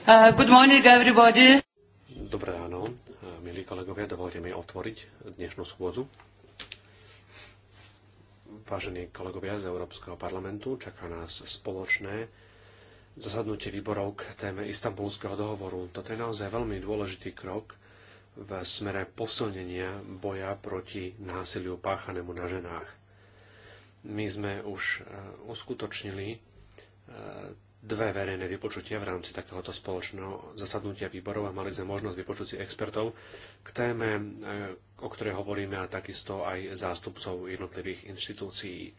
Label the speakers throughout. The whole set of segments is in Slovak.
Speaker 1: Uh, good morning, everybody.
Speaker 2: Dobré ráno, uh, milí kolegovia, dovolte mi otvoriť dnešnú schôdzu. Vážení kolegovia z Európskeho parlamentu, čaká nás spoločné zasadnutie výborov k téme Istanbulského dohovoru. Toto je naozaj veľmi dôležitý krok v smere posilnenia boja proti násiliu páchanému na ženách. My sme už uh, uskutočnili dve verejné vypočutia v rámci takéhoto spoločného zasadnutia výborov a mali sme možnosť vypočuť si expertov k téme, e, o ktorej hovoríme a takisto aj zástupcov jednotlivých inštitúcií.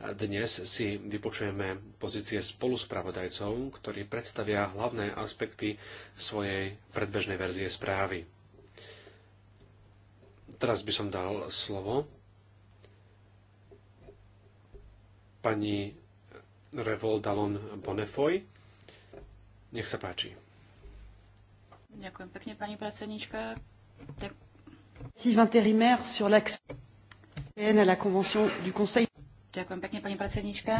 Speaker 2: Dnes si vypočujeme pozície spoluspravodajcov, ktorí predstavia hlavné aspekty svojej predbežnej verzie správy. Teraz by som dal slovo pani Revol Dallon Bonefoy. Nech sa páči.
Speaker 1: Ďakujem pekne, pani predsednička. Ďakujem pekne, pani predsednička.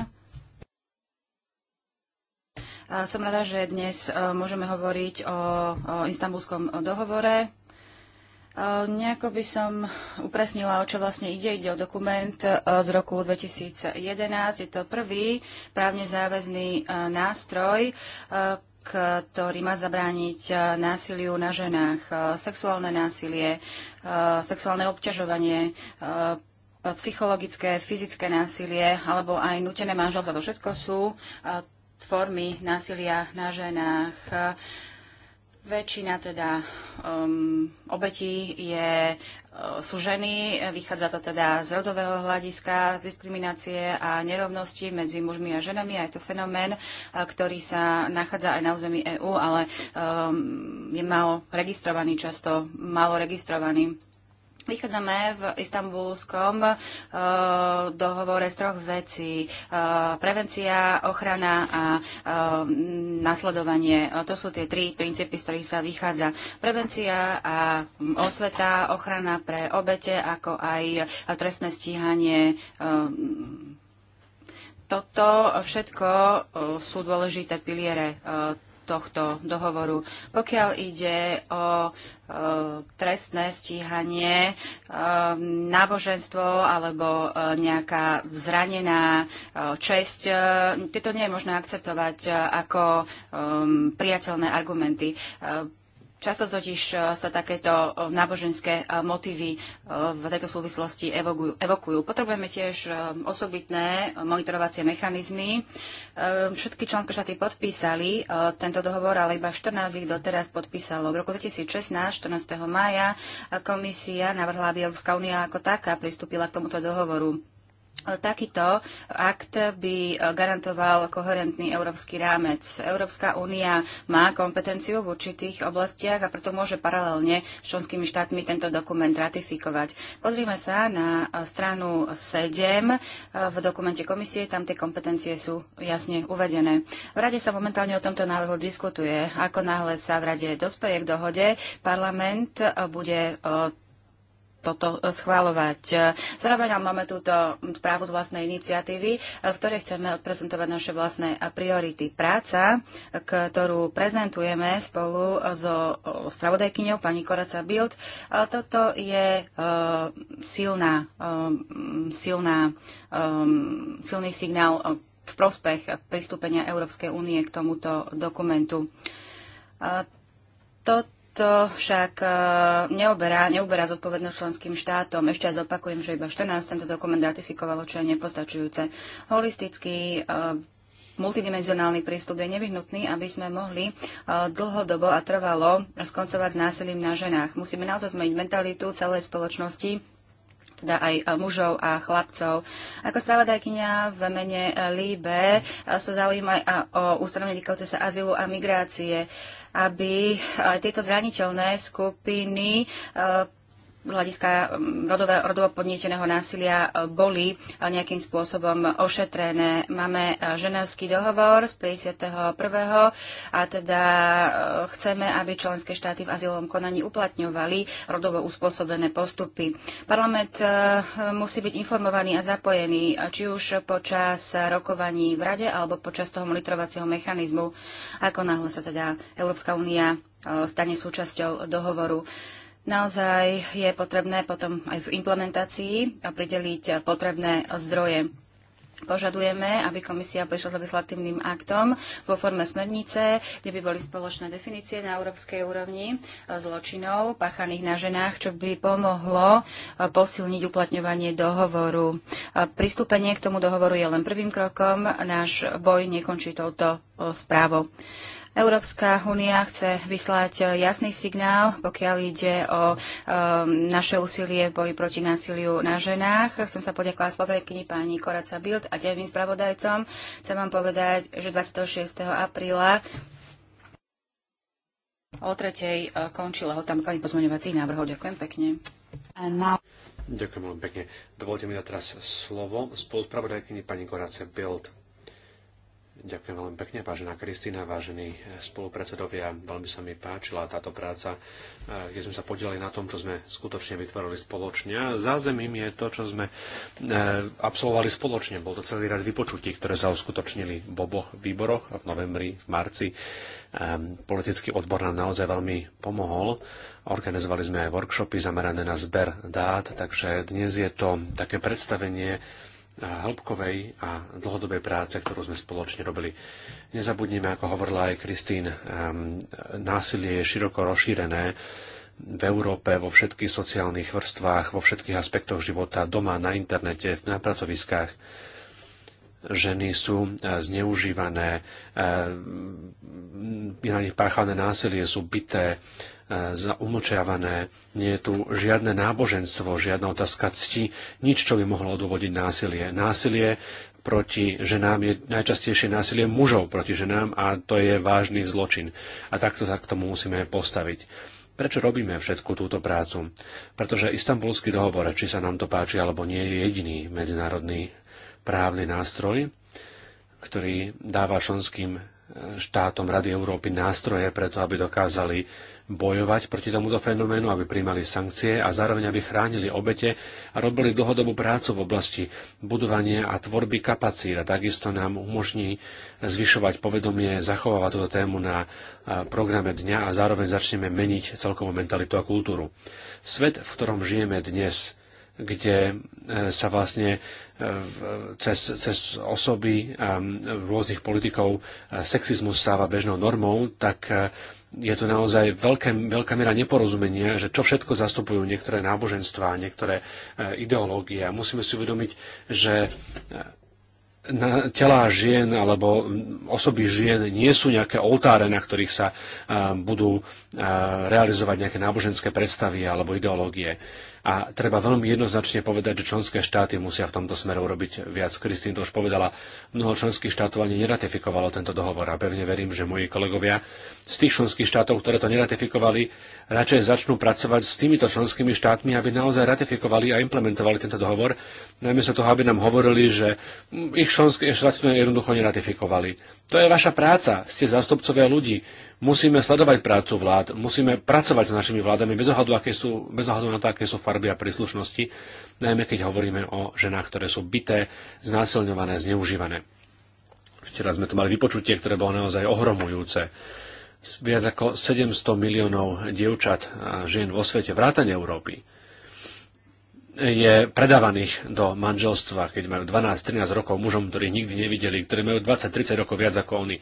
Speaker 1: Som rada, že dnes e, môžeme hovoriť o istambulskom dohovore. Nejako by som upresnila, o čo vlastne ide. Ide o dokument e, z roku 2011. Je to prvý právne záväzný e, nástroj, e, ktorý má zabrániť násiliu na ženách, sexuálne násilie, sexuálne obťažovanie, psychologické, fyzické násilie alebo aj nutené manželstvo. To všetko sú formy násilia na ženách Väčšina teda um, obetí je, uh, sú ženy, vychádza to teda z rodového hľadiska, z diskriminácie a nerovnosti medzi mužmi a ženami a je to fenomén, uh, ktorý sa nachádza aj na území EÚ, ale um, je malo registrovaný, často malo registrovaný. Vychádzame v istambulskom uh, dohovore z troch vecí. Uh, prevencia, ochrana a uh, nasledovanie. To sú tie tri princípy, z ktorých sa vychádza. Prevencia a mm, osveta, ochrana pre obete, ako aj trestné stíhanie. Uh, toto všetko sú dôležité piliere tohto dohovoru. Pokiaľ ide o trestné stíhanie, e, náboženstvo alebo e, nejaká vzranená e, česť. Tieto nie je možné akceptovať ako priateľné argumenty. Často totiž e, sa takéto e, náboženské e, motívy v tejto súvislosti evokujú. Potrebujeme tiež osobitné monitorovacie mechanizmy. Všetky členské štáty podpísali tento dohovor, ale iba 14 ich doteraz podpísalo. V roku 2016, 14. mája, komisia navrhla, aby Európska únia ako taká pristúpila k tomuto dohovoru. Takýto akt by eh, garantoval koherentný európsky rámec. Európska únia má kompetenciu v určitých oblastiach a preto môže paralelne s členskými štátmi tento dokument ratifikovať. Pozrime sa na eh, stranu 7 eh, v dokumente komisie, tam tie kompetencie sú jasne uvedené. V rade sa momentálne o tomto návrhu diskutuje. Ako náhle sa v rade dospeje k dohode, parlament bude toto e, schváľovať. E, Zároveň máme túto právu z vlastnej iniciatívy, e, v ktorej chceme odprezentovať naše vlastné priority. Práca, ktorú prezentujeme spolu so spravodajkyňou pani Koraca Bild, toto je silná, silná, silný signál v prospech pristúpenia Európskej únie k tomuto dokumentu. Toto to však e, neoberá, neoberá zodpovednosť členským štátom. Ešte raz opakujem, že iba 14 tento dokument ratifikovalo, čo je nepostačujúce. Holistický e, multidimenzionálny prístup je nevyhnutný, aby sme mohli e, dlhodobo a trvalo skoncovať s násilím na ženách. Musíme naozaj zmeniť mentalitu celej spoločnosti teda aj e, mužov a chlapcov. Ako spravodajkynia v mene e, Líbe e, sa zaujíma o ústavenie týkajúce sa azylu a migrácie, aby tieto zraniteľné skupiny hľadiska mm, rodové, rodovo podnieteného násilia e, boli e, nejakým spôsobom ošetrené. Máme e, ženevský dohovor z 51. a teda chceme, aby členské štáty v azylovom konaní uplatňovali rodovo uspôsobené postupy. Parlament musí byť informovaný a zapojený, či už počas rokovaní v Rade alebo počas toho monitorovacieho mechanizmu, ako náhle sa teda Európska únia stane súčasťou dohovoru. Naozaj je potrebné potom aj v implementácii prideliť potrebné zdroje. Požadujeme, aby komisia prišla s legislatívnym aktom vo forme smernice, kde by boli spoločné definície na európskej úrovni e, zločinov páchaných na ženách, čo by pomohlo e, posilniť uplatňovanie dohovoru. Pristúpenie k tomu dohovoru je len prvým krokom. Náš boj nekončí touto e, správou. Európska únia chce vyslať e, jasný signál, pokiaľ ide o um, naše úsilie v boji proti násiliu na ženách. Chcem sa poďakovať spravodajkyni pani Koraca Bild a devým spravodajcom. Chcem vám povedať, že 26. apríla o tretej končila ho tam pani pozmeňovacích návrhov. Ďakujem pekne.
Speaker 2: Ďakujem veľmi pekne. Dovolte mi dať teraz slovo spoluspravodajkyni pani Korace Bild. Ďakujem veľmi pekne, vážená Kristýna, vážení spolupredsedovia. Veľmi sa mi páčila táto práca, eh, kde sme sa podielali na tom, čo sme skutočne vytvorili spoločne. A zázemím je to, čo sme eh, absolvovali spoločne. Bol to celý rad vypočutí, ktoré sa uskutočnili v oboch výboroch v novembri, v marci. Ehm, politický odbor nám naozaj veľmi pomohol. Organizovali sme aj workshopy zamerané na zber dát, takže dnes je to také predstavenie hĺbkovej a dlhodobej práce, ktorú sme spoločne robili. Nezabudnime, ako hovorila aj Kristín, násilie je široko rozšírené v Európe, vo všetkých sociálnych vrstvách, vo všetkých aspektoch života, doma, na internete, na pracoviskách. Ženy sú zneužívané, je na nich páchané násilie, sú bité, umočiavané, e, nie je tu žiadne náboženstvo, žiadna otázka cti, nič, čo by mohlo odôvodiť násilie. Násilie proti ženám je najčastejšie násilie mužov proti ženám a to je vážny zločin. A takto sa k tomu musíme postaviť. Prečo robíme všetku túto prácu? Pretože istambulský dohovor, či sa nám to páči alebo nie, je jediný medzinárodný právny nástroj, ktorý dáva členským štátom Rady Európy nástroje preto, aby dokázali bojovať proti tomuto fenoménu, aby príjmali sankcie a zároveň aby chránili obete a robili dlhodobú prácu v oblasti budovania a tvorby kapacít a takisto nám umožní zvyšovať povedomie, zachovávať túto tému na programe dňa a zároveň začneme meniť celkovú mentalitu a kultúru. Svet, v ktorom žijeme dnes, kde e, sa vlastne e, cez, cez osoby e, rôznych politikov sexizmus stáva bežnou normou, tak je to naozaj veľké, veľká miera neporozumenia, že čo všetko zastupujú niektoré náboženstvá, niektoré e, ideológie. A musíme si uvedomiť, že e, na telá žien alebo osoby žien nie sú nejaké oltáre, na ktorých sa e, budú realizovať nejaké náboženské predstavy alebo ideológie. A treba veľmi jednoznačne povedať, že členské štáty musia v tomto smere urobiť viac. Kristín to už povedala, mnoho členských štátov ani neratifikovalo tento dohovor a pevne verím, že moji kolegovia z tých členských štátov, ktoré to neratifikovali, radšej začnú pracovať s týmito členskými štátmi, aby naozaj ratifikovali a implementovali tento dohovor, najmä sa toho, aby nám hovorili, že ich členské štáty jednoducho neratifikovali. To je vaša práca, ste zástupcovia ľudí. Musíme sledovať prácu vlád, musíme pracovať s našimi vládami bez ohľadu, aké sú, bez ohľadu na to, aké sú farby a príslušnosti, najmä keď hovoríme o ženách, ktoré sú bité, znásilňované, zneužívané. Včera sme tu mali vypočutie, ktoré bolo naozaj ohromujúce viac ako 700 miliónov dievčat a žien vo svete, vrátane Európy, je predávaných do manželstva, keď majú 12-13 rokov mužom, ktorí nikdy nevideli, ktorí majú 20-30 rokov viac ako oni.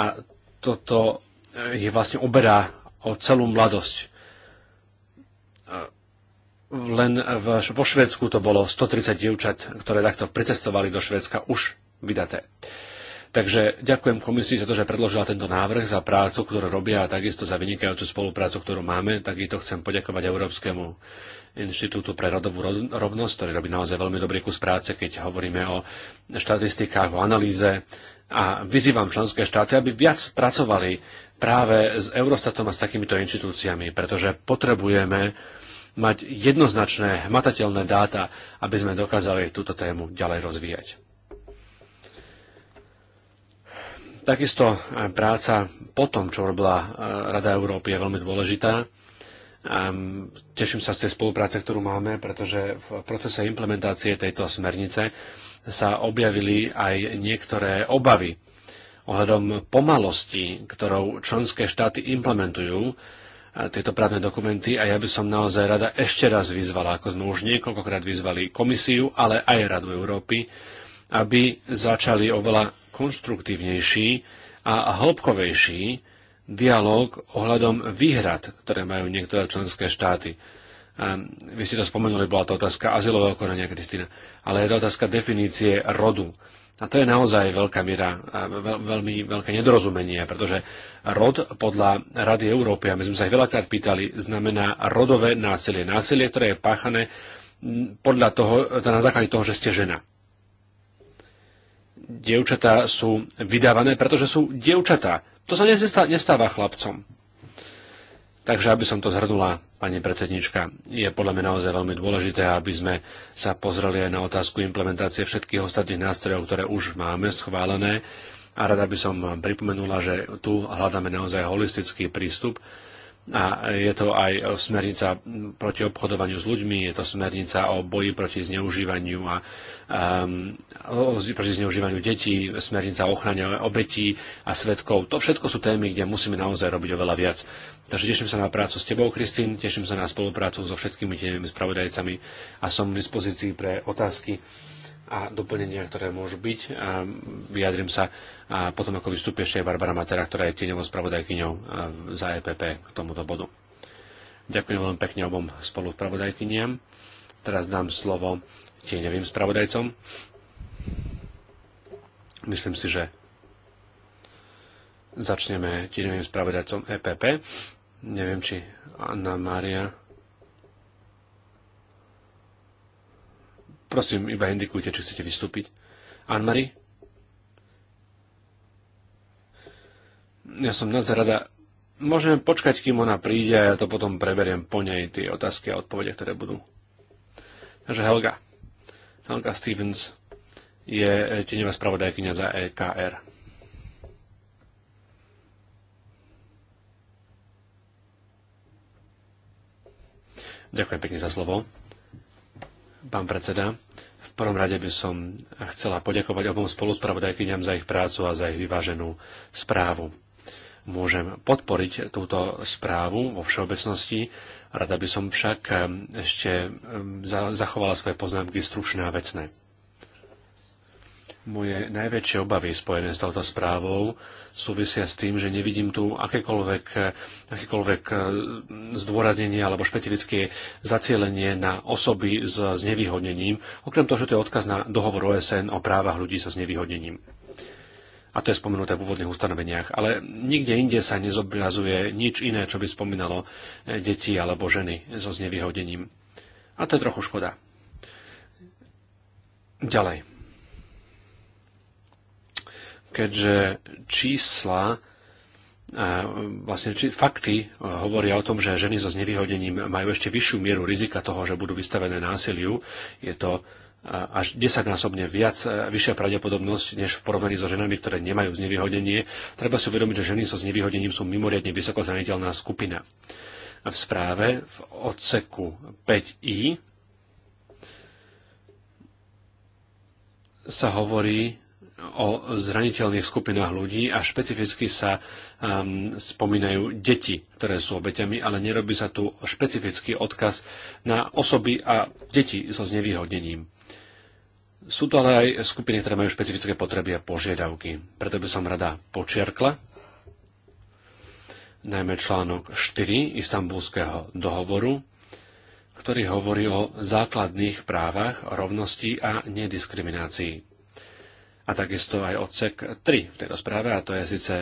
Speaker 2: A toto eh, ich vlastne oberá o celú mladosť. Len v, vo Švedsku to bolo 130 dievčat, ktoré takto pricestovali do Švédska už vydaté. Takže ďakujem komisii za to, že predložila tento návrh, za prácu, ktorú robia a takisto za vynikajúcu spoluprácu, ktorú máme. Takýto chcem poďakovať Európskemu Inštitútu pre rodovú rovnosť, ktorý robí naozaj veľmi dobrý kus práce, keď hovoríme o štatistikách, o analýze. A vyzývam členské štáty, aby viac pracovali práve s Eurostatom a s takýmito inštitúciami, pretože potrebujeme mať jednoznačné, hmatateľné dáta, aby sme dokázali túto tému ďalej rozvíjať. Takisto e, práca po tom, čo robila e, Rada Európy, je veľmi dôležitá. E, teším sa z tej spolupráce, ktorú máme, pretože v procese implementácie tejto smernice sa objavili aj niektoré obavy ohľadom pomalosti, ktorou členské štáty implementujú tieto právne dokumenty a ja by som naozaj rada ešte raz vyzvala, ako sme už niekoľkokrát vyzvali komisiu, ale aj Radu Európy, aby začali oveľa konštruktívnejší a hĺbkovejší dialog ohľadom výhrad, ktoré majú niektoré členské štáty. Vy ste to spomenuli, bola to otázka azylového konania, Kristýna, ale je to otázka definície rodu. A to je naozaj veľká miera, veľ, veľmi veľké nedorozumenie, pretože rod podľa Rady Európy, a my sme sa ich veľakrát pýtali, znamená rodové násilie. Násilie, ktoré je páchané podľa toho, teda na základe toho, že ste žena dievčatá sú vydávané, pretože sú dievčatá. To sa nestáva chlapcom. Takže aby som to zhrnula, pani predsednička, je podľa mňa naozaj veľmi dôležité, aby sme sa pozreli aj na otázku implementácie všetkých ostatných nástrojov, ktoré už máme schválené. A rada by som pripomenula, že tu hľadáme naozaj holistický prístup, a je to aj smernica proti obchodovaniu s ľuďmi, je to smernica o boji proti zneužívaniu a um, proti zneužívaniu detí, smernica o ochrane obetí a svetkov. To všetko sú témy, kde musíme naozaj robiť oveľa viac. Takže teším sa na prácu s tebou, Kristín, teším sa na spoluprácu so všetkými tými spravodajcami a som v dispozícii pre otázky a doplnenia, ktoré môžu byť. A vyjadrím sa a potom, ako vystúpi ešte Barbara Matera, ktorá je tieňovou spravodajkyňou e, za EPP k tomuto bodu. Ďakujem veľmi pekne obom spolupravodajkyniam. Teraz dám slovo tieňovým spravodajcom. Myslím si, že začneme tieňovým spravodajcom EPP. Neviem, či Anna Mária Prosím, iba indikujte, či chcete vystúpiť. Anne-Marie? Ja som dnes rada. Môžeme počkať, kým ona príde a ja to potom preberiem po nej tie otázky a odpovede, ktoré budú. Takže Helga. Helga Stevens je eh, tenevá spravodajkynia za EKR. Ďakujem pekne za slovo pán predseda. V prvom rade by som chcela poďakovať obom spoluspravodajkyňam za ich prácu a za ich vyváženú správu. Môžem podporiť túto správu vo všeobecnosti, rada by som však ehm, ešte ehm, zachovala svoje poznámky stručné a vecné. Moje najväčšie obavy spojené s touto správou súvisia s tým, že nevidím tu akékoľvek, akékoľvek e, zdôraznenie alebo špecifické zacielenie na osoby s znevýhodnením, okrem toho, že to je odkaz na dohovor OSN o právach ľudí so znevýhodnením. A to je spomenuté v úvodných ustanoveniach. Ale nikde inde sa nezobrazuje nič iné, čo by spomínalo e, deti alebo ženy so znevýhodnením. A to je trochu škoda. Ďalej keďže čísla vlastne či, fakty e, hovoria o tom, že ženy so znevýhodením majú ešte vyššiu mieru rizika toho, že budú vystavené násiliu. Je to e, až desaťnásobne viac, e, vyššia pravdepodobnosť, než v porovnaní so ženami, ktoré nemajú znevýhodenie. Treba si uvedomiť, že ženy so znevýhodením sú mimoriadne vysoko zraniteľná skupina. V správe v odseku 5i sa hovorí o zraniteľných skupinách ľudí a špecificky sa um, spomínajú deti, ktoré sú obeťami, ale nerobí sa tu špecifický odkaz na osoby a deti so znevýhodnením. Sú to ale aj skupiny, ktoré majú špecifické potreby a požiadavky. Preto by som rada počiarkla, najmä článok 4 Istambulského dohovoru, ktorý hovorí o základných právach, rovnosti a nediskriminácii a takisto aj odsek 3 v tejto správe, a to je síce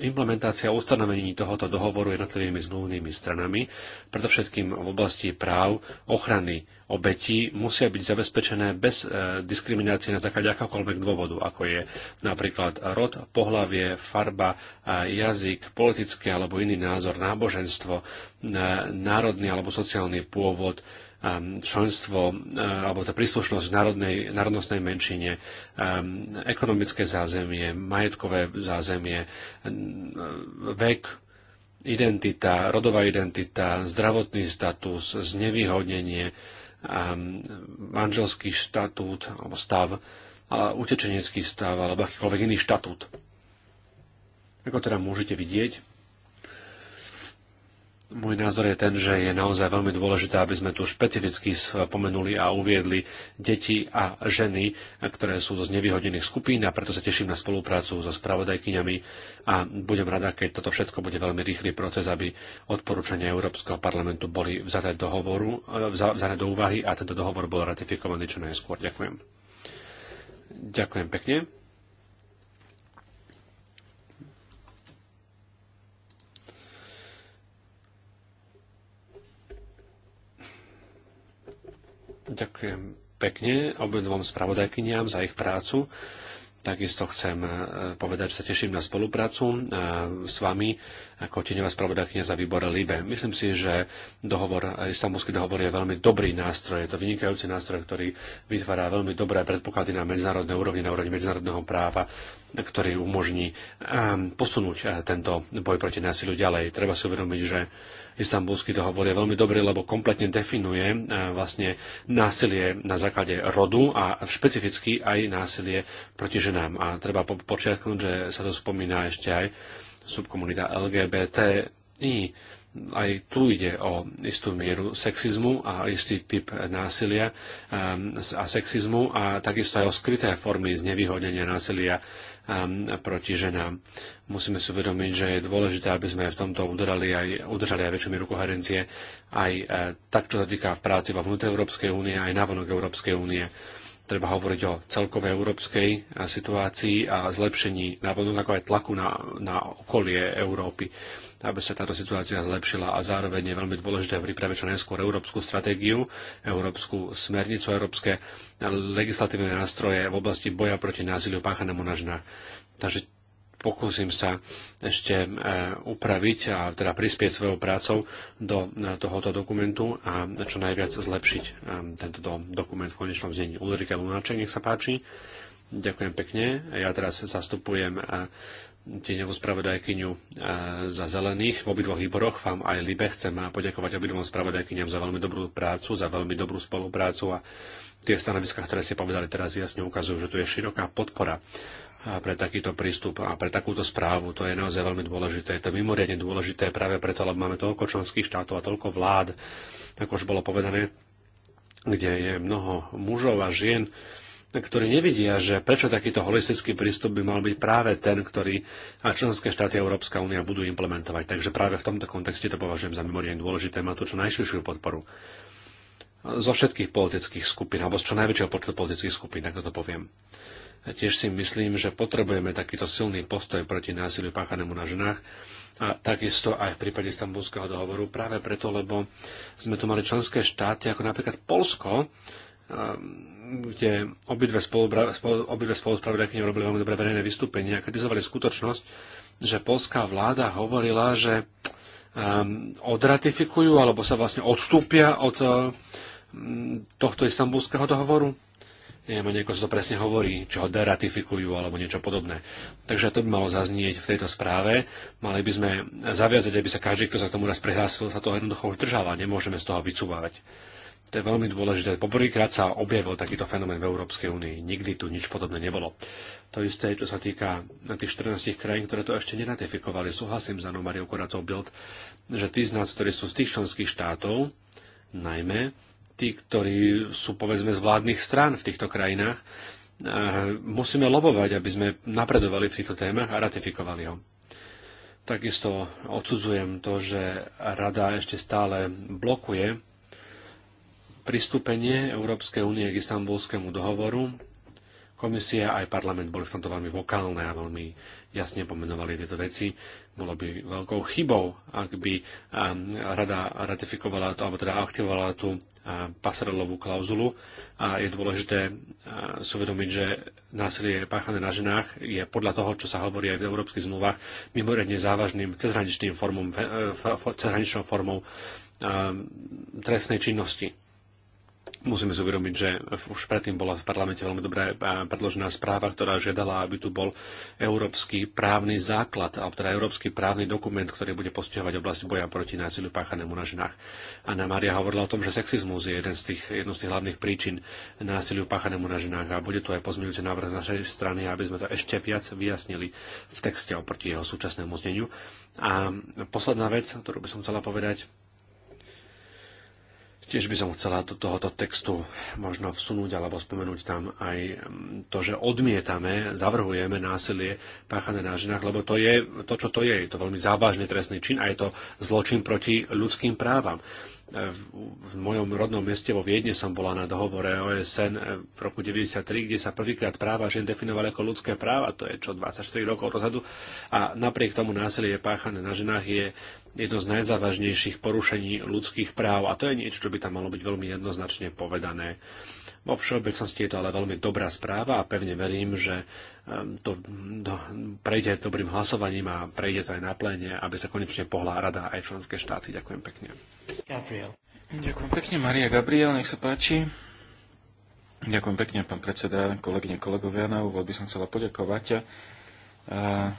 Speaker 2: implementácia ustanovení tohoto dohovoru jednotlivými zmluvnými stranami, predovšetkým v oblasti práv ochrany obetí musia byť zabezpečené bez e, diskriminácie na základe akokoľvek dôvodu, ako je napríklad rod, pohlavie, farba, e, jazyk, politický alebo iný názor, náboženstvo, e, národný alebo sociálny pôvod, Ehm, členstvo eh, alebo tá príslušnosť v národnej, národnostnej menšine, ehm, ekonomické zázemie, majetkové zázemie, ehm, vek, identita, rodová identita, zdravotný status, znevýhodnenie, manželský štatút alebo stav, utečenecký stav alebo akýkoľvek iný štatút. Ako teda môžete vidieť, môj názor je ten, že je naozaj veľmi dôležité, aby sme tu špecificky spomenuli a uviedli deti a ženy, ktoré sú zo znevýhodnených skupín a preto sa teším na spoluprácu so spravodajkyňami a budem rada, keď toto všetko bude veľmi rýchly proces, aby odporúčania Európskeho parlamentu boli vzaté, dohovoru, e, vzaté do úvahy a tento dohovor bol ratifikovaný čo najskôr. Ďakujem. Ďakujem pekne. Ďakujem pekne obidvom spravodajkyniam za ich prácu. Takisto chcem e, povedať, že sa teším na spoluprácu e, s vami ako tieňová spravodajkynia za výbor LIBE. Myslím si, že dohovor, e, istambulský dohovor je veľmi dobrý nástroj. Je to vynikajúci nástroj, ktorý vytvára veľmi dobré predpoklady na medzinárodnej úrovni, na úrovni medzinárodného práva, ktorý umožní posunúť tento boj proti násiliu ďalej. Treba si uvedomiť, že Istambulský dohovor je veľmi dobrý, lebo kompletne definuje e, vlastne násilie na základe rodu a špecificky aj násilie proti ženám. A treba počiarknúť, že sa to spomína ešte aj subkomunita LGBTI aj tu ide o istú mieru sexizmu a istý typ násilia ehm, a sexizmu a takisto aj o skryté formy znevýhodnenia násilia ehm, proti ženám. Musíme si uvedomiť, že je dôležité, aby sme v tomto udržali aj, udržali aj väčšiu mieru koherencie aj eh, tak, čo sa týka v práci vo vnútri Európskej únie, aj na vonok Európskej únie Treba hovoriť o celkovej európskej eh, situácii a zlepšení, ako aj tlaku na, na okolie Európy, aby sa táto situácia zlepšila a zároveň je veľmi dôležité pripraviť čo najskôr európsku stratégiu, európsku smernicu, európske legislatívne nástroje v oblasti boja proti násiliu páchanému na ženách. Takže pokúsim sa ešte e, upraviť a teda prispieť svojou prácou do e, tohoto dokumentu a čo najviac zlepšiť e, tento dokument v konečnom znení. Ulrike Lunáček, nech sa páči. Ďakujem pekne. Ja teraz zastupujem tieňovú spravodajkyňu za zelených v obidvoch výboroch. Vám aj Libe chcem poďakovať obidvom spravodajkyňam za veľmi dobrú prácu, za veľmi dobrú spoluprácu a tie stanoviská, ktoré ste povedali teraz jasne ukazujú, že tu je široká podpora pre takýto prístup a pre takúto správu. To je naozaj veľmi dôležité. Je to mimoriadne dôležité práve preto, lebo máme toľko členských štátov a toľko vlád, ako už bolo povedané, kde je mnoho mužov a žien, ktorí nevidia, že prečo takýto holistický prístup by mal byť práve ten, ktorý a členské štáty Európska únia budú implementovať. Takže práve v tomto kontexte to považujem za mimoriadne dôležité, má tu čo najširšiu podporu zo všetkých politických skupín, alebo z čo najväčšieho počtu politických skupín, tak to poviem. Tiež si myslím, že potrebujeme takýto silný postoj proti násiliu páchanému na ženách a takisto aj v prípade Istambulského dohovoru práve preto, lebo sme tu mali členské štáty ako napríklad Polsko, kde obidve, spolubra, spolu, obidve spolupravodajkyne robili veľmi dobré verejné vystúpenie a kritizovali skutočnosť, že polská vláda hovorila, že um, odratifikujú alebo sa vlastne odstúpia od uh, tohto istambulského dohovoru neviem ako sa to presne hovorí, čo ho deratifikujú alebo niečo podobné. Takže to by malo zaznieť v tejto správe. Mali by sme zaviazať, aby sa každý, kto sa k tomu raz prihlásil, sa toho jednoducho už držal a nemôžeme z toho vycúvať. To je veľmi dôležité. prvýkrát sa objavil takýto fenomén v Európskej únii. Nikdy tu nič podobné nebolo. To isté, čo sa týka tých 14 krajín, ktoré to ešte neratifikovali. Súhlasím s Anou Mariou Bild, že tí z nás, ktorí sú z tých členských štátov, najmä, tí, ktorí sú povedzme z vládnych strán v týchto krajinách, eh, musíme lobovať, aby sme napredovali v týchto témach a ratifikovali ho. Takisto odsudzujem to, že Rada ešte stále blokuje pristúpenie Európskej únie k istambulskému dohovoru. Komisia aj parlament boli v tomto veľmi vokálne a veľmi jasne pomenovali tieto veci. Bolo by veľkou chybou, ak by um, rada ratifikovala to, alebo teda aktivovala tú um, pasarelovú klauzulu. A je dôležité uh, si uvedomiť, že násilie páchané na ženách je podľa toho, čo sa hovorí aj v európskych zmluvách, mimoriadne závažným cezhraničným formom, eh, cezhraničnou formou um, trestnej činnosti. Musíme si uvedomiť, že už predtým bola v parlamente veľmi dobrá predložená správa, ktorá žiadala, aby tu bol európsky právny základ, alebo teda európsky právny dokument, ktorý bude postihovať oblasť boja proti násiliu páchanému na ženách. Anna Maria hovorila o tom, že sexizmus je jeden z tých, jednou z tých hlavných príčin násiliu páchanému na ženách a bude tu aj pozmeňujúci návrh z našej strany, aby sme to ešte viac vyjasnili v texte oproti jeho súčasnému zneniu. A posledná vec, ktorú by som chcela povedať, Tiež by som chcela do tohoto textu možno vsunúť alebo spomenúť tam aj mm, to, že odmietame, zavrhujeme násilie páchané na ženách, lebo to je to, čo to je. Je to veľmi závažný trestný čin a je to zločin proti ľudským právam e, v mojom rodnom meste vo Viedne som bola na dohovore OSN e, v roku 1993, kde sa prvýkrát práva žien definovali ako ľudské práva, to je čo 24 rokov dozadu, a napriek tomu násilie páchané na ženách je jedno z najzávažnejších porušení ľudských práv a to je niečo, čo by tam malo byť veľmi jednoznačne povedané. Vo všeobecnosti je to ale veľmi dobrá správa a pevne verím, že ehm, to prejde dobrým hlasovaním a prejde to aj na pléne, aby sa konečne pohla rada aj členské štáty. Ďakujem pekne.
Speaker 3: Gabriel. Ďakujem pekne, Maria Gabriel, nech sa páči. Ďakujem pekne, pán predseda, kolegyne, kolegovia. Na úvod by som chcela poďakovať. A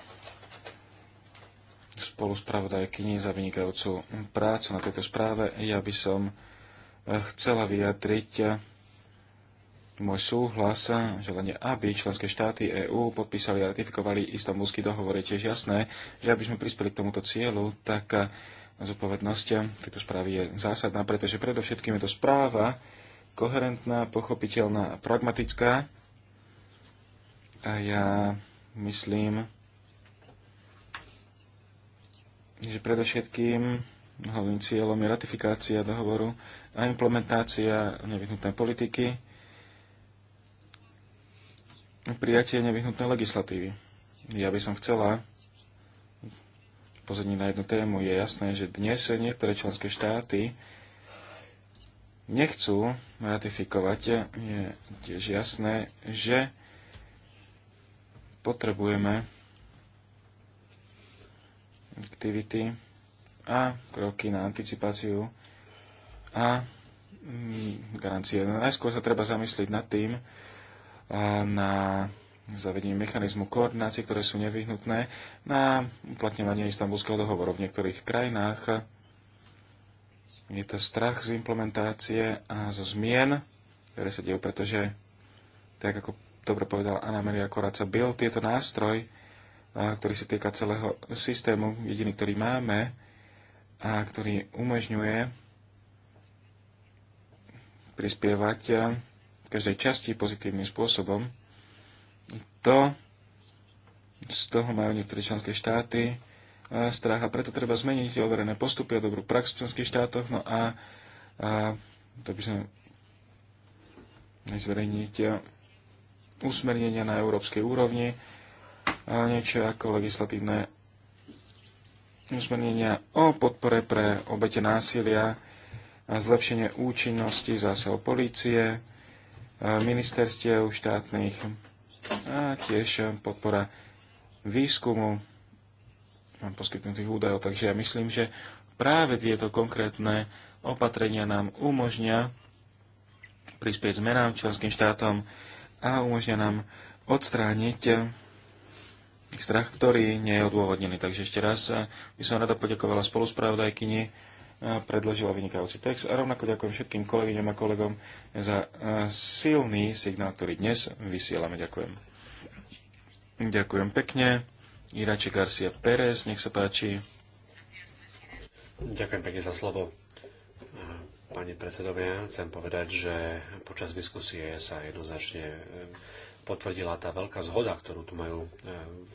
Speaker 3: spolu za vynikajúcu prácu na tejto správe. Ja by som eh, chcela vyjadriť eh, môj súhlas, eh, želanie, aby členské štáty EÚ podpísali a ratifikovali istambulský dohovor. Je tiež jasné, že aby sme prispeli k tomuto cieľu, tak zodpovednosť tejto správy je zásadná, pretože predovšetkým je to správa koherentná, pochopiteľná a pragmatická. A ja myslím, že predovšetkým hlavným cieľom je ratifikácia dohovoru a implementácia nevyhnutnej politiky a prijatie nevyhnutnej legislatívy. Ja by som chcela pozrieť na jednu tému. Je jasné, že dnes niektoré členské štáty nechcú ratifikovať. Je tiež jasné, že potrebujeme aktivity a kroky na anticipáciu a mm, garancie. No, najskôr sa treba zamyslieť nad tým, na zavedenie mechanizmu koordinácie, ktoré sú nevyhnutné na uplatňovanie istambulského dohovoru v niektorých krajinách. Je to strach z implementácie a zo zmien, ktoré sa dejú, pretože, tak ako dobre povedal Anna Maria Koraca, byl tieto nástroj ktorý sa týka celého systému, jediný, ktorý máme a ktorý umožňuje prispievať eh, v každej časti pozitívnym spôsobom. To z toho majú niektoré členské štáty eh, strach a preto treba zmeniť overené postupy a dobrú prax v členských štátoch. No a, a to by sme zverejniť eh, usmernenia na európskej úrovni, niečo ako legislatívne zmenenia o podpore pre obete násilia, a zlepšenie účinnosti o polície, ministerstiev štátnych a tiež podpora výskumu a poskytnutých údajov. Takže ja myslím, že práve tieto konkrétne opatrenia nám umožňa prispieť zmenám členským štátom a umožňa nám odstrániť strach, ktorý nie je odôvodnený. Takže ešte raz eh, by som rada poďakovala spoluspravodajkyni, eh, predložila vynikajúci text a rovnako ďakujem všetkým kolegyňom a kolegom za eh, silný signál, ktorý dnes vysielame. Ďakujem. Ďakujem pekne. Irače Garcia Pérez, nech sa páči. Ďakujem pekne za slovo.
Speaker 2: Pani predsedovia, chcem povedať, že počas diskusie sa jednoznačne potvrdila tá veľká zhoda, ktorú tu majú e,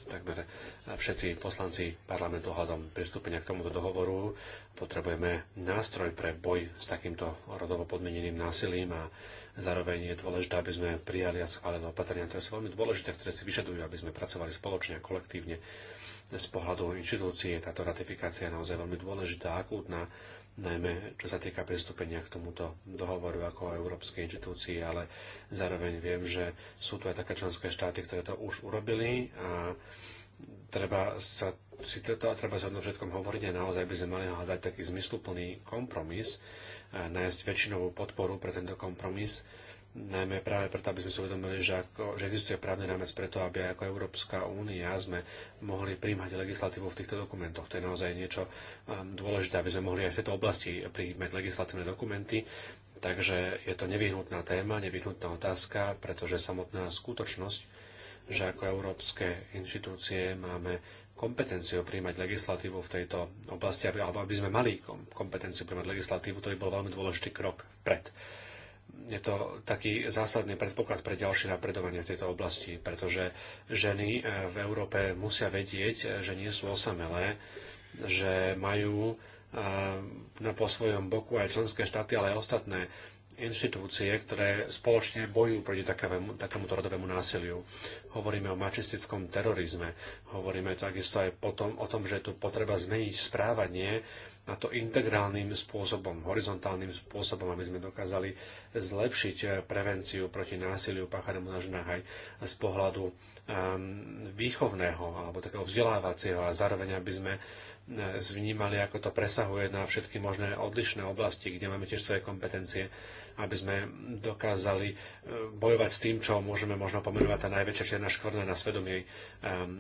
Speaker 2: takmer všetci poslanci parlamentu hľadom pristúpenia k tomuto dohovoru. Potrebujeme nástroj pre boj s takýmto rodovo podmieneným násilím a zároveň je dôležité, aby sme prijali a schválili opatrenia, ktoré sú veľmi dôležité, ktoré si vyžadujú, aby sme pracovali spoločne a kolektívne z pohľadu inštitúcie. Táto ratifikácia je naozaj veľmi dôležitá, akútna najmä čo sa týka pristúpenia k tomuto dohovoru ako európskej inštitúcii, ale zároveň viem, že sú tu aj také členské štáty, ktoré to už urobili a treba sa si toto, treba sa o tom všetkom hovoriť a naozaj by sme mali hľadať taký zmysluplný kompromis, nájsť väčšinovú podporu pre tento kompromis, najmä práve preto, aby sme si uvedomili, že, ako, že existuje právny rámec preto, aby ako Európska únia sme mohli príjmať legislatívu v týchto dokumentoch. To je naozaj niečo um, dôležité, aby sme mohli aj v tejto oblasti príjmať legislatívne dokumenty. Takže je to nevyhnutná téma, nevyhnutná otázka, pretože samotná skutočnosť, že ako európske inštitúcie máme kompetenciu príjmať legislatívu v tejto oblasti, aby, alebo aby sme mali kompetenciu príjmať legislatívu, to by bol veľmi dôležitý krok vpred je to taký zásadný predpoklad pre ďalšie napredovanie v tejto oblasti, pretože ženy e, v Európe musia vedieť, e, že nie sú osamelé, že majú e, na po svojom boku aj členské štáty, ale aj ostatné inštitúcie, ktoré spoločne bojujú proti takému, takémuto rodovému násiliu. Hovoríme o mačistickom terorizme, hovoríme takisto aj potom, o tom, že je tu potreba zmeniť správanie na to integrálnym spôsobom, horizontálnym spôsobom, aby sme dokázali zlepšiť prevenciu proti násiliu páchanému na ženách aj z pohľadu um, výchovného alebo takého vzdelávacieho a zároveň, aby sme um, zvnímali, ako to presahuje na všetky možné odlišné oblasti, kde máme tiež svoje kompetencie aby sme dokázali e, bojovať s tým, čo môžeme možno pomenovať tá najväčšia čierna škvrna na svedomie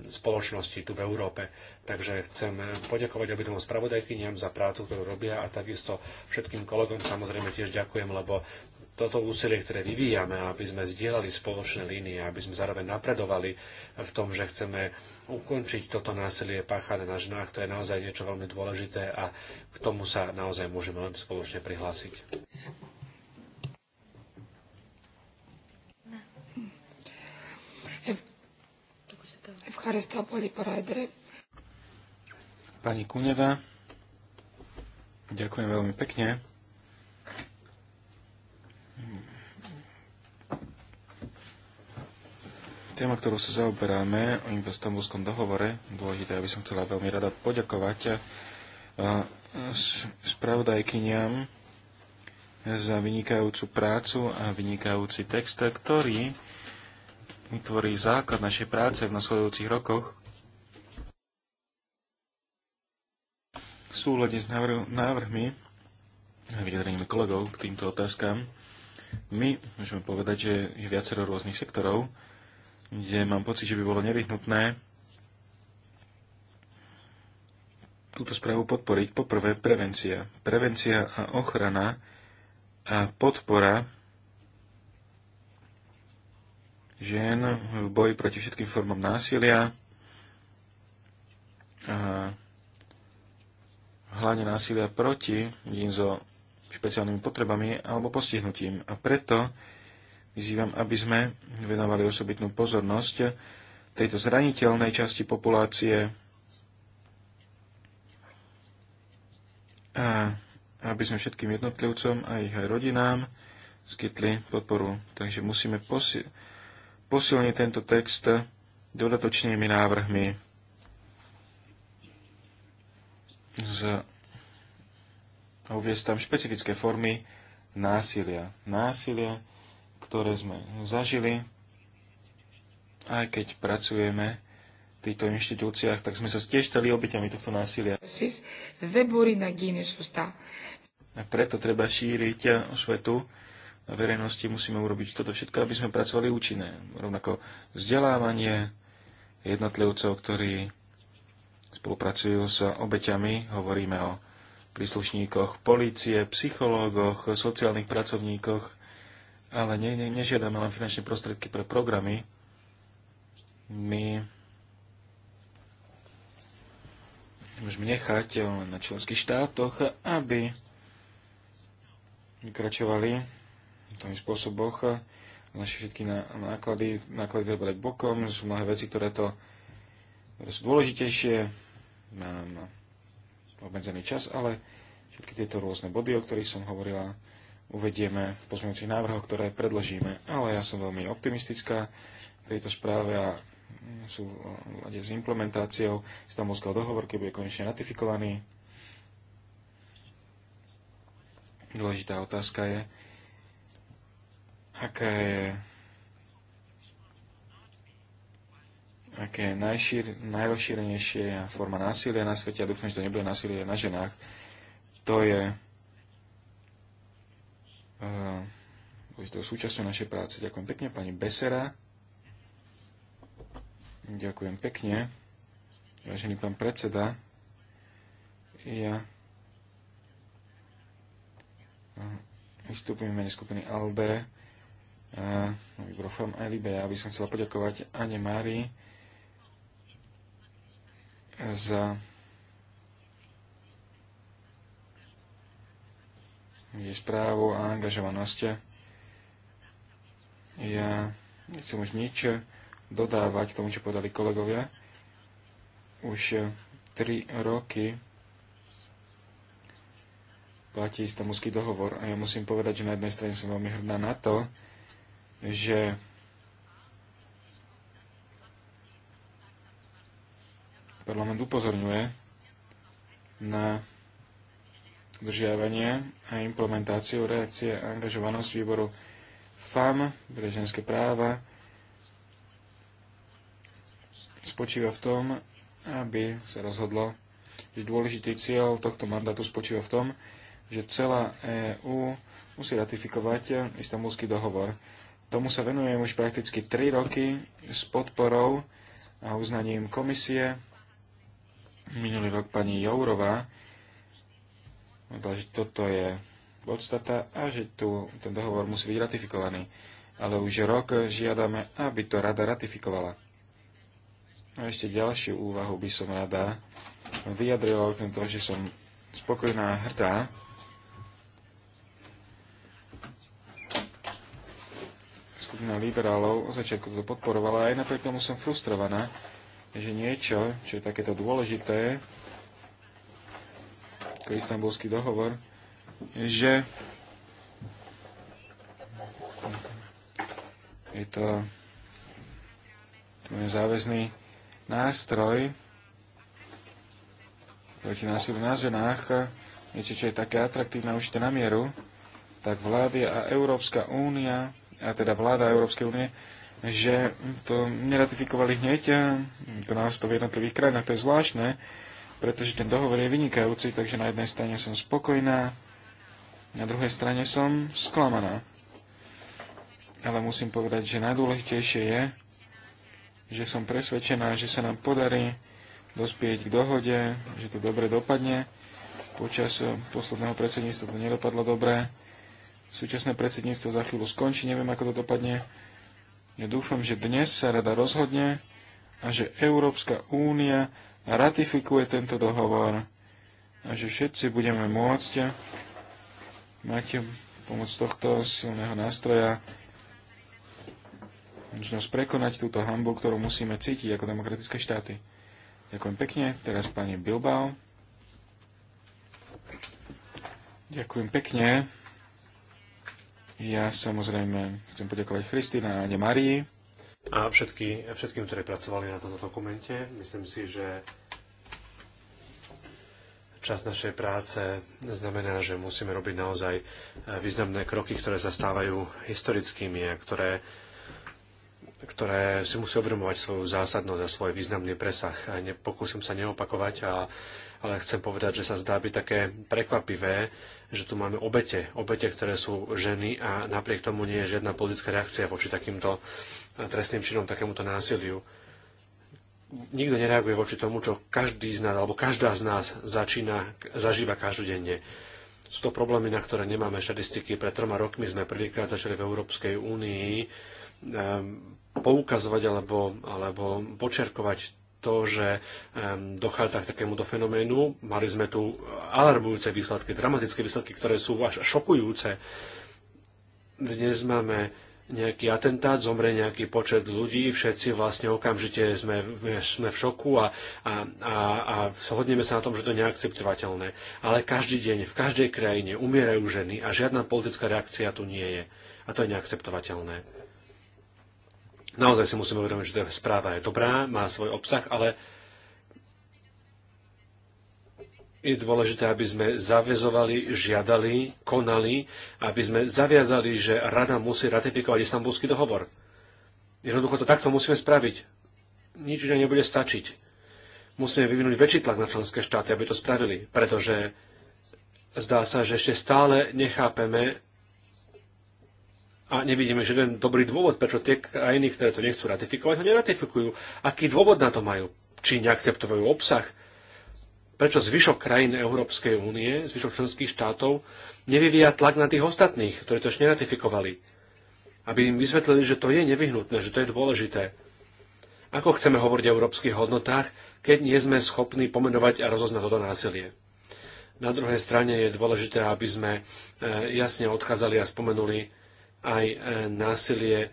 Speaker 2: spoločnosti tu v Európe. Takže chcem poďakovať obidvom spravodajkyniam za prácu, ktorú robia a takisto všetkým kolegom samozrejme tiež ďakujem, lebo toto úsilie, ktoré vyvíjame, aby sme zdieľali spoločné línie, aby sme zároveň napredovali v tom, že chceme ukončiť toto násilie páchané na ženách, to je naozaj niečo veľmi dôležité a k tomu sa naozaj môžeme len spoločne prihlásiť.
Speaker 1: Ευχαριστώ πολύ,
Speaker 3: Pani Kuneva, ďakujem veľmi pekne. Téma, ktorú sa zaoberáme o investambulskom dohovore, dôležité, aby som chcela veľmi rada poďakovať spravodajkyniam za vynikajúcu prácu a vynikajúci text, ktorý vytvorí základ našej práce v nasledujúcich rokoch v súhľadne s návrhmi a vyjadrením kolegov k týmto otázkam. My môžeme povedať, že je viacero rôznych sektorov, kde mám pocit, že by bolo nevyhnutné túto správu podporiť. Poprvé prevencia. Prevencia a ochrana a podpora žien v boji proti všetkým formám násilia, hlavne násilia proti ľudí so špeciálnymi potrebami alebo postihnutím. A preto vyzývam, aby sme venovali osobitnú pozornosť tejto zraniteľnej časti populácie a aby sme všetkým jednotlivcom a ich aj rodinám skytli podporu. Takže musíme posi- posilniť tento text dodatočnými návrhmi z a tam špecifické formy násilia. Násilia, ktoré sme zažili, aj keď pracujeme v týchto inštitúciách, tak sme sa tiež stali obyťami tohto násilia. A preto treba šíriť eh, svetu verejnosti musíme urobiť toto všetko, aby sme pracovali účinné. Rovnako vzdelávanie jednotlivcov, ktorí spolupracujú s obeťami, hovoríme o príslušníkoch polície, psychológoch, sociálnych pracovníkoch, ale ne, ne, nežiadame len finančné prostriedky pre programy. My môžeme nechať na členských štátoch, aby vykračovali tým spôsoboch, naše všetky náklady, náklady treba dať bokom, sú mnohé veci, ktoré to ktoré sú dôležitejšie, mám obmedzený čas, ale všetky tieto rôzne body, o ktorých som hovorila, uvedieme v pozmeňujúcich návrhoch, ktoré predložíme. Ale ja som veľmi optimistická v tejto správe a mm, sú vlade s implementáciou Stambulského keď bude konečne ratifikovaný. Dôležitá otázka je, aká je aké je najšír, najrozšírenejšia forma násilia na svete, a dúfam, že to nebude násilie na ženách, to je uh, eh, to súčasťou našej práce. Ďakujem pekne, pani Besera. Ďakujem pekne. Vážený pán predseda, ja vystupujem v mene skupiny ALDE mikrofón aj Libe. Ja by som chcel poďakovať Ane Mári za jej správu a angažovanosť. Ja nechcem už nič dodávať k tomu, čo povedali kolegovia. Už tri roky platí istambulský dohovor a ja musím povedať, že na jednej strane som veľmi hrdá na to, že parlament upozorňuje na udržiavanie a implementáciu reakcie a angažovanosť výboru FAM pre ženské práva spočíva v tom, aby sa rozhodlo, že dôležitý cieľ tohto mandátu spočíva v tom, že celá EÚ musí ratifikovať istambulský dohovor. Tomu sa venujem už prakticky 3 roky s podporou a uznaním komisie. Minulý rok pani Jourová že toto je podstata a že tu ten dohovor musí byť ratifikovaný. Ale už rok žiadame, aby to rada ratifikovala. A ešte ďalšiu úvahu by som rada vyjadrila, okrem toho, že som spokojná a hrdá skupina liberálov od začiatku to podporovala, aj napriek tomu som frustrovaná, že niečo, čo je takéto dôležité, ako istambulský dohovor, že je to, môj záväzný nástroj proti násilu na ženách, niečo, čo je také atraktívne už na mieru, tak vlády a Európska únia a teda vláda Európskej únie, že to neratifikovali hneď, to nás to v jednotlivých krajinách, to je zvláštne, pretože ten dohovor je vynikajúci, takže na jednej strane som spokojná, na druhej strane som sklamaná. Ale musím povedať, že najdôležitejšie je, že som presvedčená, že sa nám podarí dospieť k dohode, že to dobre dopadne. Počas eh, posledného predsedníctva to nedopadlo dobre Súčasné predsedníctvo za chvíľu skončí, neviem, ako to dopadne. Ja dúfam, že dnes sa rada rozhodne a že Európska únia ratifikuje tento dohovor a že všetci budeme môcť mať pomoc tohto silného nástroja možnosť prekonať túto hambu, ktorú musíme cítiť ako demokratické štáty. Ďakujem pekne. Teraz pani Bilbao. Ďakujem pekne. Ja samozrejme chcem poďakovať Christine a Marii.
Speaker 2: A všetky, všetkým, ktorí pracovali na tomto dokumente. Myslím si, že čas našej práce znamená, že musíme robiť naozaj eh, významné kroky, ktoré sa stávajú historickými a ktoré ktoré si musí obromovať svoju zásadnosť a svoj významný presah. a Pokúsim sa neopakovať a ale chcem povedať, že sa zdá byť také prekvapivé, že tu máme obete, obete, ktoré sú ženy a napriek tomu nie je žiadna politická reakcia voči takýmto eh, trestným činom, takémuto násiliu. Nikto nereaguje voči tomu, čo každý z nás, alebo každá z nás začína, zažíva každodenne. Sú to problémy, na ktoré nemáme štatistiky. Pred troma rokmi sme prvýkrát začali v Európskej únii eh, poukazovať alebo, alebo počerkovať to, že dochádza k do fenoménu. Mali sme tu alarmujúce výsledky, dramatické výsledky, ktoré sú až šokujúce. Dnes máme nejaký atentát, zomre nejaký počet ľudí, všetci vlastne okamžite sme, sme v šoku a, a, a, a shodneme sa na tom, že to je neakceptovateľné. Ale každý deň, v každej krajine umierajú ženy a žiadna politická reakcia tu nie je. A to je neakceptovateľné. Naozaj si musíme uvedomiť, že tá správa je dobrá, má svoj obsah, ale je dôležité, aby sme zavezovali, žiadali, konali, aby sme zaviazali, že Rada musí ratifikovať istambulský dohovor. Jednoducho to takto musíme spraviť. Nič iné nebude stačiť. Musíme vyvinúť väčší tlak na členské štáty, aby to spravili, pretože zdá sa, že ešte stále nechápeme, a nevidíme žiaden dobrý dôvod, prečo tie krajiny, ktoré to nechcú ratifikovať, ho neratifikujú. Aký dôvod na to majú? Či neakceptujú obsah? Prečo zvyšok krajín Európskej únie, zvyšok členských štátov, nevyvíja tlak na tých ostatných, ktorí to ešte neratifikovali? Aby im vysvetlili, že to je nevyhnutné, že to je dôležité. Ako chceme hovoriť o európskych hodnotách, keď nie sme schopní pomenovať a rozoznať toto násilie? Na druhej strane je dôležité, aby sme eh, jasne odchádzali a spomenuli aj e, násilie e,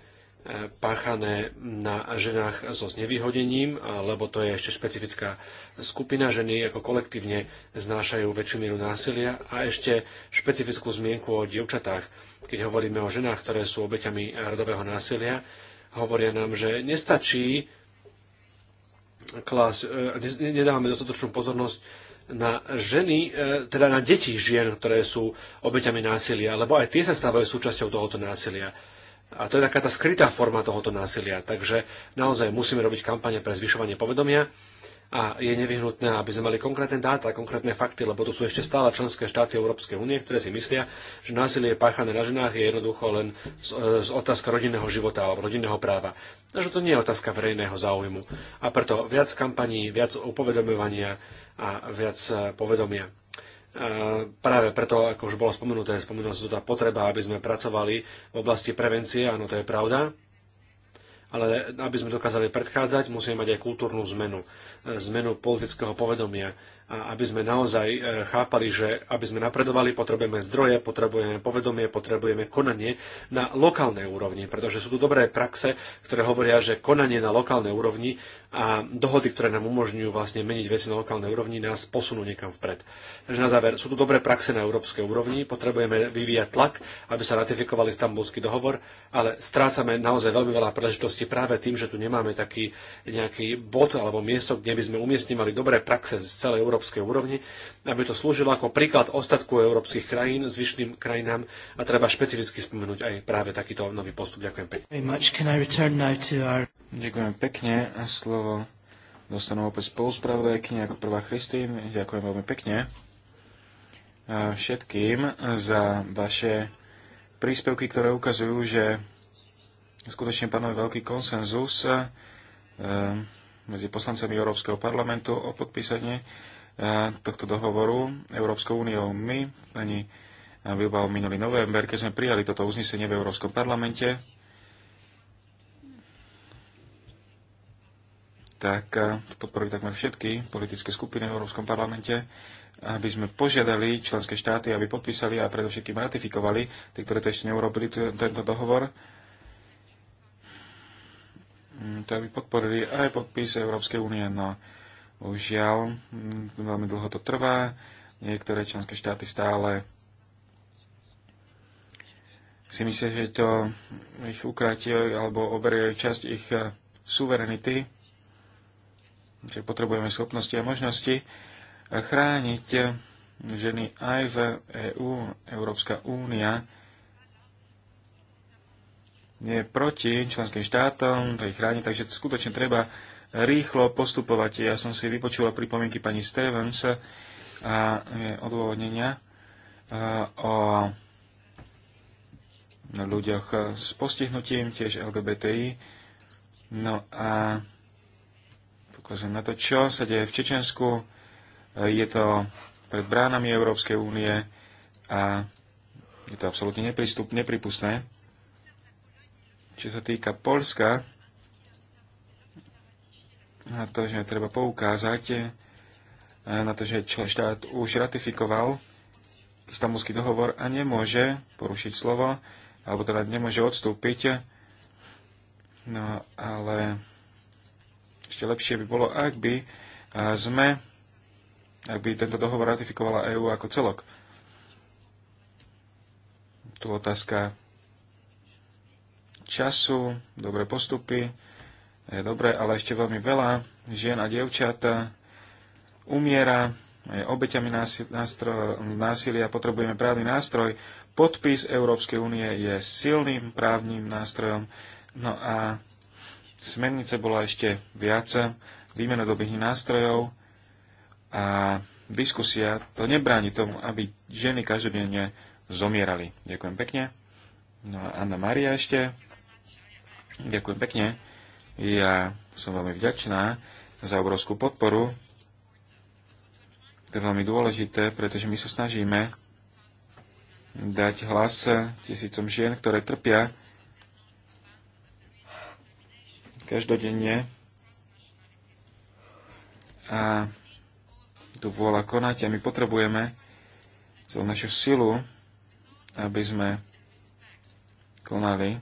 Speaker 2: páchané na ženách so znevýhodením, lebo to je ešte špecifická skupina. Ženy ako kolektívne znášajú väčšiu mieru násilia a ešte špecifickú zmienku o dievčatách. Keď hovoríme o ženách, ktoré sú obeťami rodového násilia, hovoria nám, že nestačí klas, e, nedávame dostatočnú pozornosť na ženy, e, teda na deti žien, ktoré sú obeťami násilia, lebo aj tie sa stávajú súčasťou tohoto násilia. A to je taká tá skrytá forma tohoto násilia. Takže naozaj musíme robiť kampane pre zvyšovanie povedomia a je nevyhnutné, aby sme mali konkrétne dáta, konkrétne fakty, lebo to sú ešte stále členské štáty Európskej únie, ktoré si myslia, že násilie páchané na ženách je jednoducho len z, e, z otázka rodinného života alebo rodinného práva. Takže to nie je otázka verejného záujmu. A preto viac kampaní, viac upovedomovania, a viac e, povedomia e, práve preto, ako už bolo spomenuté, spomenula sa tu tá potreba, aby sme pracovali v oblasti prevencie, áno, to je pravda, ale aby sme dokázali predchádzať, musíme mať aj kultúrnu zmenu, e, zmenu politického povedomia a aby sme naozaj chápali, že aby sme napredovali, potrebujeme zdroje, potrebujeme povedomie, potrebujeme konanie na lokálnej úrovni, pretože sú tu dobré praxe, ktoré hovoria, že konanie na lokálnej úrovni a dohody, ktoré nám umožňujú vlastne meniť veci na lokálnej úrovni, nás posunú niekam vpred. Takže na záver, sú tu dobré praxe na európskej úrovni, potrebujeme vyvíjať tlak, aby sa ratifikoval istambulský dohovor, ale strácame naozaj veľmi veľa príležitostí práve tým, že tu nemáme taký nejaký bod alebo miesto, kde by sme umiestnili dobré praxe z celej európskej úrovni, aby to slúžilo ako príklad ostatku európskych krajín, zvyšným krajinám a treba špecificky spomenúť aj práve takýto nový postup. Ďakujem pekne.
Speaker 3: Ďakujem pekne a slovo slovo dostanú opäť spoluspravodajkyne ako prvá Kristín. Ďakujem veľmi pekne eh, všetkým za vaše príspevky, ktoré ukazujú, že skutočne panuje veľký konsenzus eh, medzi poslancami Európskeho parlamentu o podpísanie eh, tohto dohovoru Európskou úniou. My, pani Bilbao, minulý november, keď sme prijali toto uznesenie v Európskom parlamente, tak eh, podporili takmer všetky politické skupiny v Európskom parlamente, aby sme požiadali členské štáty, aby podpísali a predovšetkým ratifikovali, tí, ktoré to ešte neurobili, tento dohovor, mm, to aby podporili aj podpis Európskej únie. No, žiaľ, mm, veľmi dlho to trvá, niektoré členské štáty stále si myslia, že to ich ukráti alebo oberie časť ich eh, suverenity že potrebujeme schopnosti a možnosti chrániť ženy aj v EÚ. EU. Európska únia je proti členským štátom, to ich chráni, takže skutočne treba rýchlo postupovať. Ja som si vypočula pripomienky pani Stevens a odôvodnenia e, o ľuďoch s postihnutím, tiež LGBTI. No a Pozriem akože na to, čo sa deje v Čečensku. E, je to pred bránami Európskej únie a je to absolútne nepripustné. Čo sa týka Polska, na to, že treba poukázať, e, na to, že štát už ratifikoval istambulský dohovor a nemôže porušiť slovo, alebo teda nemôže odstúpiť. No ale ešte lepšie by bolo, ak by eh, sme, ak by tento dohovor ratifikovala EÚ ako celok. Tu otázka času, dobré postupy, je dobré, ale ešte veľmi veľa žien a dievčat eh, umiera, je obeťami násilia, potrebujeme právny nástroj. Podpis Európskej únie je silným právnym nástrojom. No a smernice bola ešte viac, výmena dobých nástrojov a diskusia to nebráni tomu, aby ženy každodenne zomierali. Ďakujem pekne. No a Anna Maria ešte. Ďakujem pekne. Ja som veľmi vďačná za obrovskú podporu. To je veľmi dôležité, pretože my sa snažíme dať hlas tisícom žien, ktoré trpia každodenne a tu vôľa konať a my potrebujeme celú našu silu, aby sme konali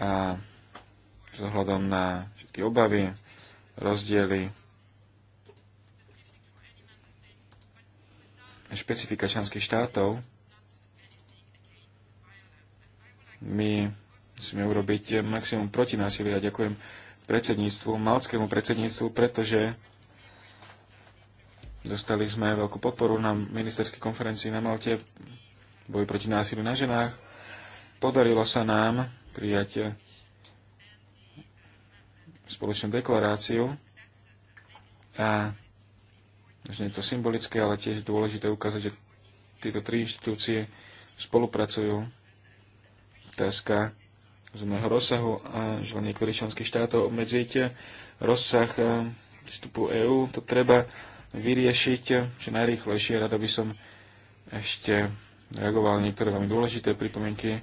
Speaker 3: a s ohľadom na všetky obavy, rozdiely, špecifika členských štátov, my Musíme urobiť maximum proti násiliu. ďakujem predsedníctvu, malckému predsedníctvu, pretože dostali sme veľkú podporu na ministerskej konferencii na Malte boj proti násiliu na ženách. Podarilo sa nám prijať spoločnú deklaráciu a nie je to symbolické, ale tiež dôležité ukázať, že tieto tri inštitúcie spolupracujú. Otázka z rozumného rozsahu a že len niektorých členských štátov obmedziť rozsah vstupu eh, EÚ. To treba vyriešiť čo najrýchlejšie. Rada by som ešte reagoval na niektoré veľmi dôležité pripomienky eh,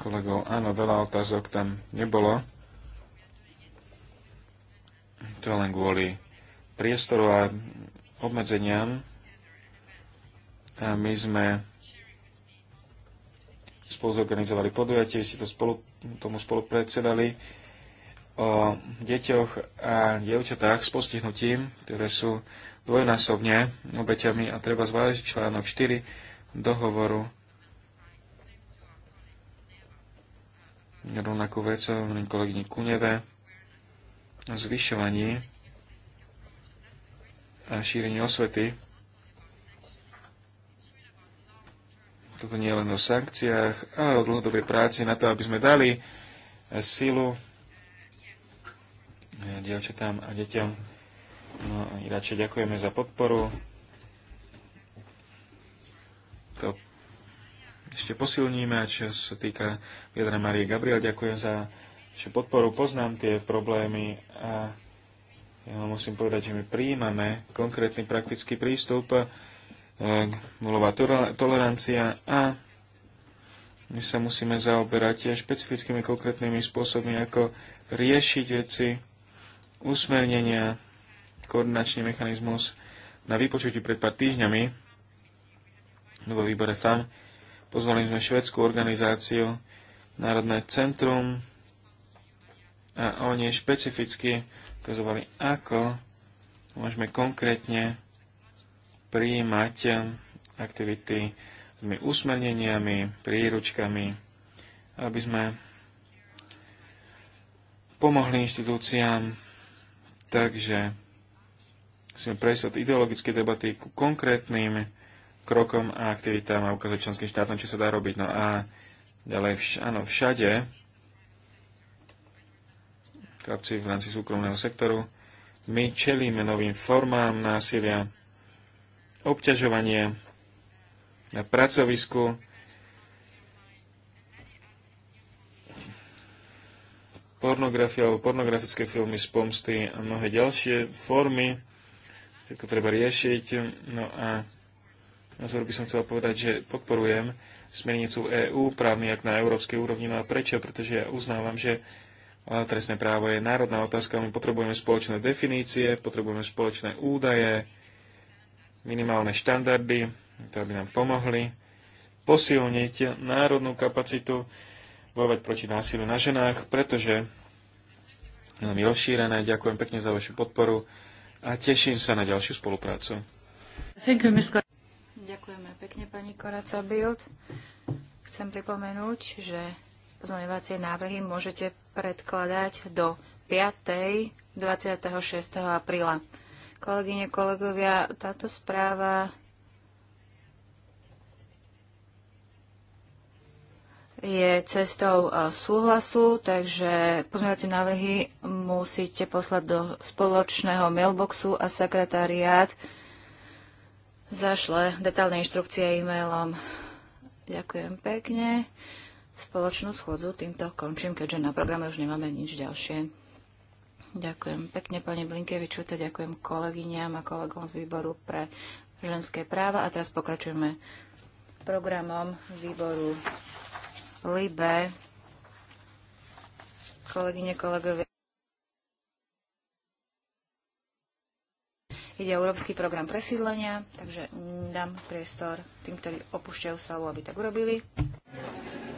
Speaker 3: kolegov. Áno, veľa otázok tam nebolo. To len kvôli priestoru a obmedzeniam. A my sme spolu zorganizovali podujatie, si to spolu, tomu spolu predsedali o deťoch a dievčatách s postihnutím, ktoré sú dvojnásobne obeťami a treba zvážiť článok 4 dohovoru rovnakú vec hovorím kolegyni Kuneve o zvyšovaní a šírení osvety Toto nie je len o sankciách, ale o dlhodobej práci na to, aby sme dali eh, silu eh, dievčatám a deťom. No, radšej ďakujeme za podporu. To ešte posilníme, a čo sa týka Viedra Marie Gabriel, ďakujem za vašu podporu, poznám tie problémy a ja musím povedať, že my príjmame konkrétny praktický prístup Eh, nulová tolerancia a my sa musíme zaoberať špecifickými konkrétnymi spôsobmi, ako riešiť veci, usmernenia, koordinačný mechanizmus. Na vypočutí pred pár týždňami no, vo výbore FAM pozvali sme švedskú organizáciu Národné centrum a oni špecificky ukazovali, ako môžeme konkrétne prijímať aktivity s usmerneniami, príručkami, aby sme pomohli inštitúciám. Takže musíme prejsť od ideologické debaty ku konkrétnym krokom a aktivitám a ukázať členským štátom, čo sa dá robiť. No a ďalej, vš- áno, všade, kapci v rámci súkromného sektoru, my čelíme novým formám násilia, obťažovanie na pracovisku, pornografia alebo pornografické filmy z pomsty a mnohé ďalšie formy, ako treba riešiť. No a na záver by som chcel povedať, že podporujem smernicu EÚ, právny ak na európskej úrovni. No a prečo? Pretože ja uznávam, že trestné právo je národná otázka, my potrebujeme spoločné definície, potrebujeme spoločné údaje, minimálne štandardy, ktoré by nám pomohli posilniť národnú kapacitu bojovať proti násiliu na ženách, pretože je veľmi rozšírené. Ďakujem pekne za vašu podporu a teším sa na ďalšiu spoluprácu.
Speaker 1: Ďakujeme pekne, pani Koraca Bild. Chcem pripomenúť, že pozmeňovacie návrhy môžete predkladať do 5. 26. apríla. Kolegyne, kolegovia, táto správa je cestou e, súhlasu, takže pozmeňovacie návrhy musíte poslať do spoločného mailboxu a sekretariát zašle detálne inštrukcie e-mailom. Ďakujem pekne. Spoločnú schôdzu týmto končím, keďže na programe už nemáme nič ďalšie. Ďakujem pekne pani Blinkevičute, teda ďakujem kolegyňam a kolegom z výboru pre ženské práva. A teraz pokračujeme programom výboru LIBE. Kolegyne, kolegovia. Ide o Európsky program presídlenia, takže dám priestor tým, ktorí opúšťajú salu, aby tak urobili.